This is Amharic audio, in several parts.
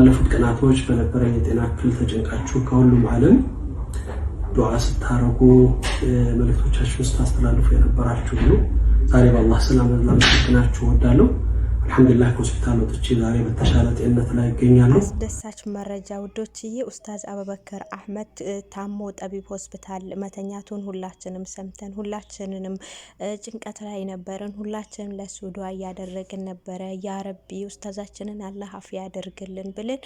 ባለፉት ቀናቶች በነበረኝ የጤና እክል ተጨንቃችሁ ከሁሉም ዓለም ዱዓ ስታረጉ መልእክቶቻችሁን ስታስተላልፉ የነበራችሁ ነው። ዛሬ በአላህ ስላመሰግናችሁ እወዳለሁ። አልሐምዱሊላህ ከሆስፒታል ወጥቼ ዛሬ በተሻለ ጤንነት ላይ ይገኛሉ። አስደሳች መረጃ ውዶችዬ፣ ኡስታዝ አበበከር አህመድ ታሞ ጠቢብ ሆስፒታል መተኛቱን ሁላችንም ሰምተን ሁላችንንም ጭንቀት ላይ ነበርን። ሁላችንም ለሱ ዱዓ እያደረግን ነበረ። ያ ረቢ ኡስታዛችንን አላህ አፍ ያደርግልን ብልን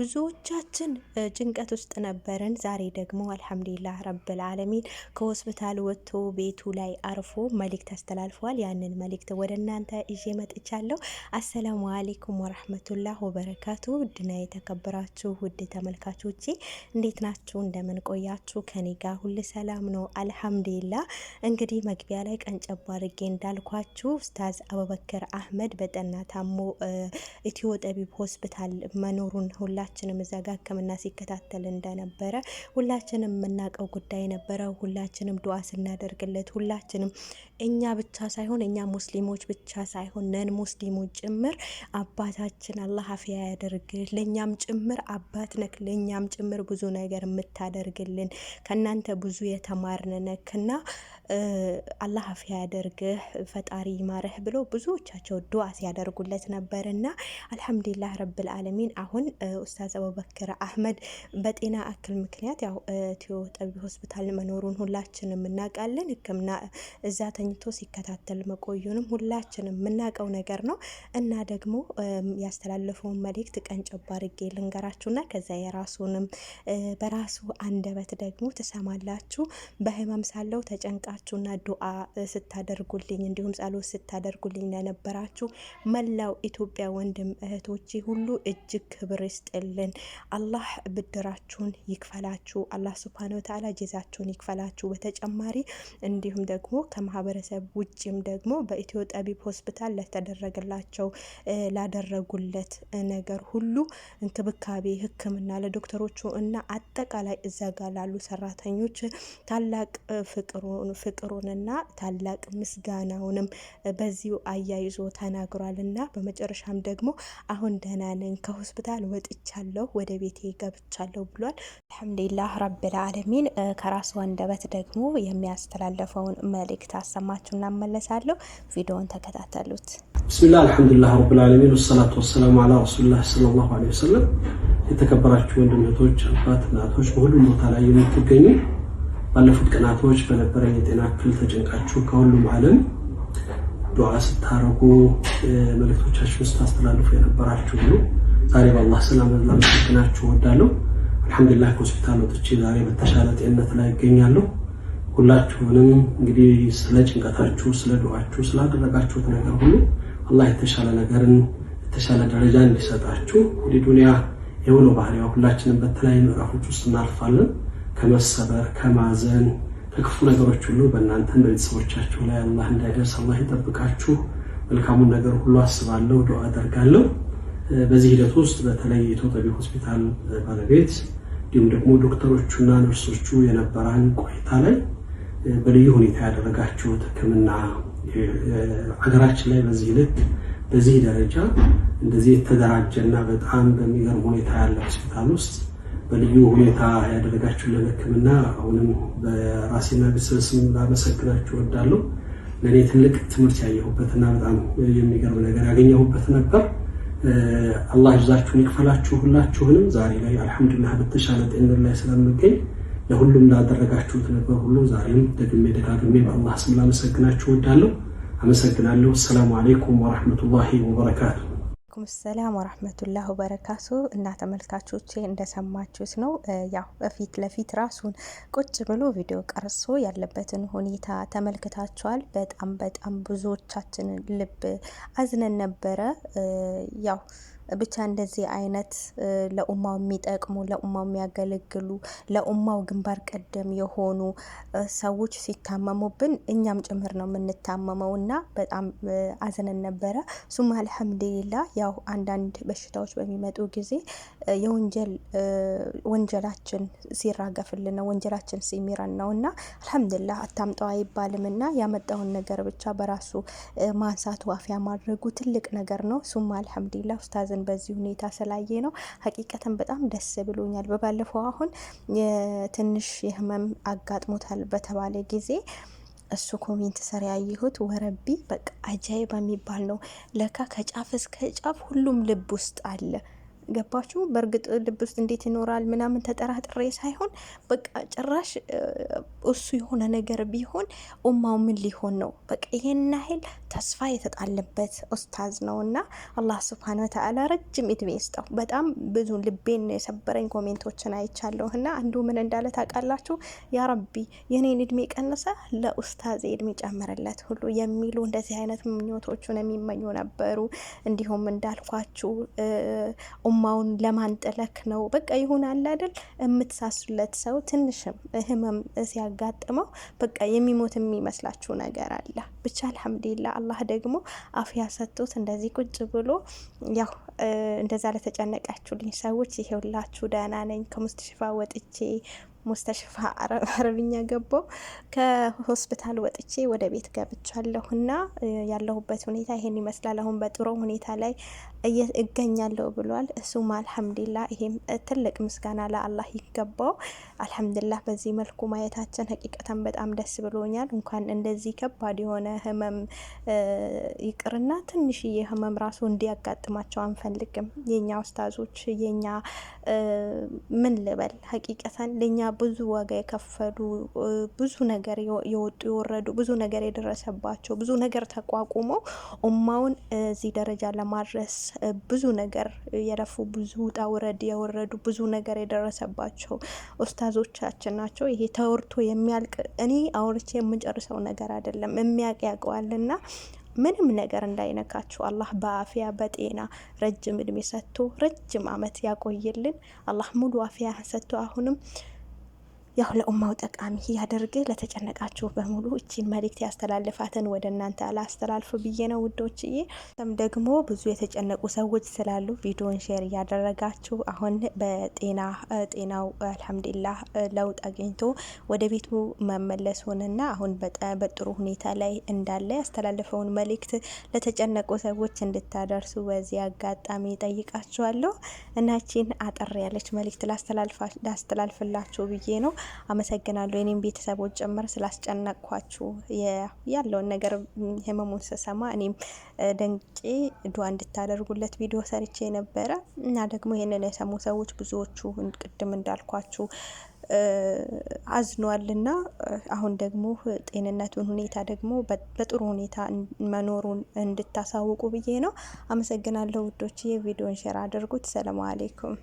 ብዙዎቻችን ጭንቀት ውስጥ ነበርን። ዛሬ ደግሞ አልሐምዱሊላህ ረብል አለሚን ከሆስፒታል ወጥቶ ቤቱ ላይ አርፎ መልእክት አስተላልፏል። ያንን መልእክት ወደ እናንተ ይዤ መጥቻለሁ። አሰላሙ አሌይኩም ወረህመቱላህ ወበረካቱ። ውድና የተከበራችሁ ውድ ተመልካቾቼ እንዴት ናችሁ? እንደምን ቆያችሁ? ከኔ ጋ ሁል ሰላም ነው አልሐምዱሊላ። እንግዲህ መግቢያ ላይ ቀንጨባ አድርጌ እንዳልኳችሁ ኡስታዝ አቡበከር አህመድ በጠና ታሞ ኢትዮ ጠቢብ ሆስፒታል መኖሩን ሁላችንም እዛ ሲከታተል እንደነበረ ሁላችንም የምናውቀው ጉዳይ ነበረ። ሁላችንም ዱዓ ስናደርግለት ሁላችንም እኛ ብቻ ሳይሆን እኛ ሙስሊሞች ብቻ ሳይሆን ነን ሙስሊሞች ጭምር አባታችን አላህ አፍያ ያደርግህ። ለእኛም ጭምር አባት ነክ ለእኛም ጭምር ብዙ ነገር የምታደርግልን ከእናንተ ብዙ የተማርን ነክና አላህ አፍያ ያደርግህ፣ ፈጣሪ ይማረህ ብሎ ብዙዎቻቸው ዱዓ ሲያደርጉለት ነበርና አልሐምዱሊላህ ረብል አለሚን። አሁን ኡስታዝ አቡበክር አህመድ በጤና እክል ምክንያት ያው ኢትዮ ጠቢ ሆስፒታል መኖሩን ሁላችንም እናውቃለን። ሕክምና እዛ ተኝቶ ሲከታተል መቆዩንም ሁላችንም የምናውቀው ነገር ነው። እና ደግሞ ያስተላለፈውን መልእክት ቀንጨባ አድርጌ ልንገራችሁና ከዛ የራሱንም በራሱ አንደበት ደግሞ ትሰማላችሁ። በህመም ሳለው ተጨንቃችሁና ዱዓ ስታደርጉልኝ እንዲሁም ጸሎት ስታደርጉልኝ ለነበራችሁ መላው ኢትዮጵያ ወንድም እህቶች ሁሉ እጅግ ክብር ይስጥልን። አላህ ብድራችሁን ይክፈላችሁ። አላህ ስብሃነ ወተዓላ ጀዛችሁን ይክፈላችሁ። በተጨማሪ እንዲሁም ደግሞ ከማህበረሰብ ውጭም ደግሞ በኢትዮ ጠቢብ ሆስፒታል ለተደረገላችሁ ለእሳቸው ላደረጉለት ነገር ሁሉ እንክብካቤ፣ ሕክምና ለዶክተሮቹ እና አጠቃላይ እዛ ጋር ላሉ ሰራተኞች ታላቅ ፍቅሩንና ታላቅ ምስጋናውንም በዚሁ አያይዞ ተናግሯል እና በመጨረሻም ደግሞ አሁን ደህና ነኝ ከሆስፒታል ወጥቻለሁ ወደ ቤቴ ገብቻለሁ ብሏል። አልሐምዱሊላህ ረብል አለሚን። ከራሱ ወንደበት ደግሞ የሚያስተላለፈውን መልእክት አሰማችሁ እናመለሳለሁ። ቪዲዮውን ተከታተሉት። ብስሚላ አልሐምዱሊላህ ረብል ዓለሚን ወሰላቱ ወሰላሙ አላ ረሱሉላህ ሰለላሁ ዐለይሂ ወሰለም። የተከበራችሁ ወንድሞች፣ አባት፣ እናቶች በሁሉም ቦታ ላይ የምትገኙ ባለፉት ቀናቶች በነበረኝ የጤና እክል ተጨንቃችሁ ከሁሉም ዓለም ዱዓ ስታረጉ መልእክቶቻችሁን ስታስተላልፉ የነበራችሁ ሁሉ ዛሬ በአላህ ሰላም ላመሰግናችሁ እወዳለሁ። አልሐምዱሊላህ ከሆስፒታል ወጥቼ ዛሬ በተሻለ ጤንነት ላይ ይገኛለሁ። ሁላችሁንም እንግዲህ ስለ ጭንቀታችሁ፣ ስለ ዱዓችሁ፣ ስላደረጋችሁት ነገር ሁሉ አላህ የተሻለ ነገርን የተሻለ ደረጃ እንዲሰጣችሁ። እንግዲህ ዱንያ የሆነ ባህሪዋ ሁላችንም በተለያዩ ምዕራፎች ውስጥ እናልፋለን። ከመሰበር ከማዘን ከክፉ ነገሮች ሁሉ በእናንተ በቤተሰቦቻችሁ ላይ አላህ እንዳይደርስ አላህ ይጠብቃችሁ። መልካሙን ነገር ሁሉ አስባለሁ፣ ዱዓ አደርጋለሁ። በዚህ ሂደት ውስጥ በተለይ የኢትዮጵያ ሆስፒታል ባለቤት እንዲሁም ደግሞ ዶክተሮቹና ነርሶቹ የነበረን ቆይታ ላይ በልዩ ሁኔታ ያደረጋችሁት ሕክምና ሀገራችን ላይ በዚህ ልክ በዚህ ደረጃ እንደዚህ የተደራጀ የተደራጀና በጣም በሚገርም ሁኔታ ያለ ሆስፒታል ውስጥ በልዩ ሁኔታ ያደረጋችሁልን ሕክምና አሁንም በራሴና ቤተሰብ ስም ላመሰግናችሁ እወዳለሁ። ለእኔ ትልቅ ትምህርት ያየሁበት ያየሁበትና በጣም የሚገርም ነገር ያገኘሁበት ነበር። አላህ ይዛችሁን ይክፈላችሁ ሁላችሁንም። ዛሬ ላይ አልሐምዱሊላህ በተሻለ ጤንነት ላይ ስለምገኝ ለሁሉም ላደረጋችሁት ነገር ሁሉ ዛሬም ደግሜ ደጋግሜ በአላህ ስም ላመሰግናችሁ ወዳለሁ። አመሰግናለሁ። አሰላሙ አሌይኩም ወረህመቱላሂ ወበረካቱ። አለይኩም ሰላም ወራህመቱላህ ወበረካቱ። እና ተመልካቾቼ እንደሰማችሁት ነው። ያው በፊት ለፊት ራሱን ቁጭ ብሎ ቪዲዮ ቀርሶ ያለበትን ሁኔታ ተመልክታችኋል። በጣም በጣም ብዙዎቻችንን ልብ አዝነን ነበረ ያው ብቻ እንደዚህ አይነት ለኡማው የሚጠቅሙ ለኡማው የሚያገለግሉ ለኡማው ግንባር ቀደም የሆኑ ሰዎች ሲታመሙብን እኛም ጭምር ነው የምንታመመው እና በጣም አዝነን ነበረ። ሱም አልሐምዱሊላ ያው አንዳንድ በሽታዎች በሚመጡ ጊዜ የወንጀል ወንጀላችን ሲራገፍልን ነው ወንጀላችን ሲሚረን ነው እና አልሐምዱሊላ አታምጠው አይባልም እና ያመጣውን ነገር ብቻ በራሱ ማንሳቱ አፍያ ማድረጉ ትልቅ ነገር ነው። ሱም አልሐምዱሊላ ኡስታዝ ራሳችን በዚህ ሁኔታ ስላየ ነው ሀቂቀትን በጣም ደስ ብሎኛል። በባለፈው አሁን ትንሽ የህመም አጋጥሞታል በተባለ ጊዜ እሱ ኮሜንት ስር ያየሁት ወረቢ በቃ አጃይባ የሚባል ነው። ለካ ከጫፍ እስከ ጫፍ ሁሉም ልብ ውስጥ አለ። ገባችሁ? በእርግጥ ልብ ውስጥ እንዴት ይኖራል ምናምን ተጠራጥሬ ሳይሆን በቃ ጭራሽ እሱ የሆነ ነገር ቢሆን ኡማው ምን ሊሆን ነው? በቃ ይሄን ያህል ተስፋ የተጣለበት ኡስታዝ ነው እና አላህ ስብሃነ ወተዓላ ረጅም እድሜ ይስጠው። በጣም ብዙ ልቤን የሰበረኝ ኮሜንቶችን አይቻለሁ እና አንዱ ምን እንዳለ ታውቃላችሁ? ያ ረቢ የኔን እድሜ ቀንሰ ለኡስታዝ እድሜ ጨምርለት ሁሉ የሚሉ እንደዚህ አይነት ምኞቶቹን የሚመኙ ነበሩ። እንዲሁም እንዳልኳችሁ ጫማውን ለማንጠለክ ነው። በቃ ይሁን አለ አይደል? የምትሳሱለት ሰው ትንሽም ህመም ሲያጋጥመው በቃ የሚሞት የሚመስላችሁ ነገር አለ። ብቻ አልሐምዱሊላ አላህ ደግሞ አፍያ ሰጥቶት እንደዚህ ቁጭ ብሎ ያው እንደዛ ለተጨነቃችሁልኝ ሰዎች ይሄውላችሁ ደህና ነኝ ከሙስት ሽፋ ወጥቼ ሙስተሽፋ አረብኛ ገባው። ከሆስፒታል ወጥቼ ወደ ቤት ገብቻለሁና ያለሁበት ሁኔታ ይሄን ይመስላል። አሁን በጥሩ ሁኔታ ላይ እገኛለሁ ብሏል። እሱም አልሐምዱላ ይሄም ትልቅ ምስጋና ለአላህ ይገባው። አልሐምዱላ በዚህ መልኩ ማየታችን ሀቂቀተን በጣም ደስ ብሎኛል። እንኳን እንደዚህ ከባድ የሆነ ህመም ይቅርና ትንሽዬ ህመም ራሱ እንዲያጋጥማቸው አንፈልግም። የኛ ውስታዞች የኛ ምን ልበል ሀቂቀተን ለእኛ ብዙ ዋጋ የከፈሉ ብዙ ነገር የወጡ የወረዱ ብዙ ነገር የደረሰባቸው ብዙ ነገር ተቋቁመው ኡማውን እዚህ ደረጃ ለማድረስ ብዙ ነገር የለፉ ብዙ ውጣ ውረድ የወረዱ ብዙ ነገር የደረሰባቸው ኡስታዞቻችን ናቸው። ይሄ ተወርቶ የሚያልቅ እኔ አውርቼ የምጨርሰው ነገር አይደለም። የሚያውቅ ያውቀዋልና ምንም ነገር እንዳይነካችሁ አላህ በአፍያ በጤና ረጅም እድሜ ሰጥቶ ረጅም አመት ያቆይልን። አላህ ሙሉ አፍያ ሰጥቶ አሁንም ያው ለኡማው ጠቃሚ ያደርግ። ለተጨነቃችሁ በሙሉ እቺን መልእክት ያስተላልፋትን ወደ እናንተ አላስተላልፍ ብዬ ነው ውዶችዬ። ደግሞ ብዙ የተጨነቁ ሰዎች ስላሉ ቪዲዮን ሼር እያደረጋችሁ አሁን በጤና ጤናው አልሐምዱሊላህ ለውጥ አግኝቶ ወደ ቤቱ መመለሱንና አሁን በጥሩ ሁኔታ ላይ እንዳለ ያስተላልፈውን መልእክት ለተጨነቁ ሰዎች እንድታደርሱ በዚህ አጋጣሚ ጠይቃችኋለሁ። እናቺን አጠር ያለች መልእክት ላስተላልፍላችሁ ብዬ ነው። አመሰግናለሁ። እኔም ቤተሰቦች ጭምር ስላስጨነቅኳችሁ ያለውን ነገር ህመሙን ስሰማ እኔም ደንቄ ዱዓ እንድታደርጉለት ቪዲዮ ሰርቼ ነበረ እና ደግሞ ይህንን የሰሙ ሰዎች ብዙዎቹ ቅድም እንዳልኳችሁ አዝኗልና አሁን ደግሞ ጤንነቱን ሁኔታ ደግሞ በጥሩ ሁኔታ መኖሩን እንድታሳውቁ ብዬ ነው። አመሰግናለሁ ውዶች። የቪዲዮን ሼር አድርጉት። ሰላም አሌይኩም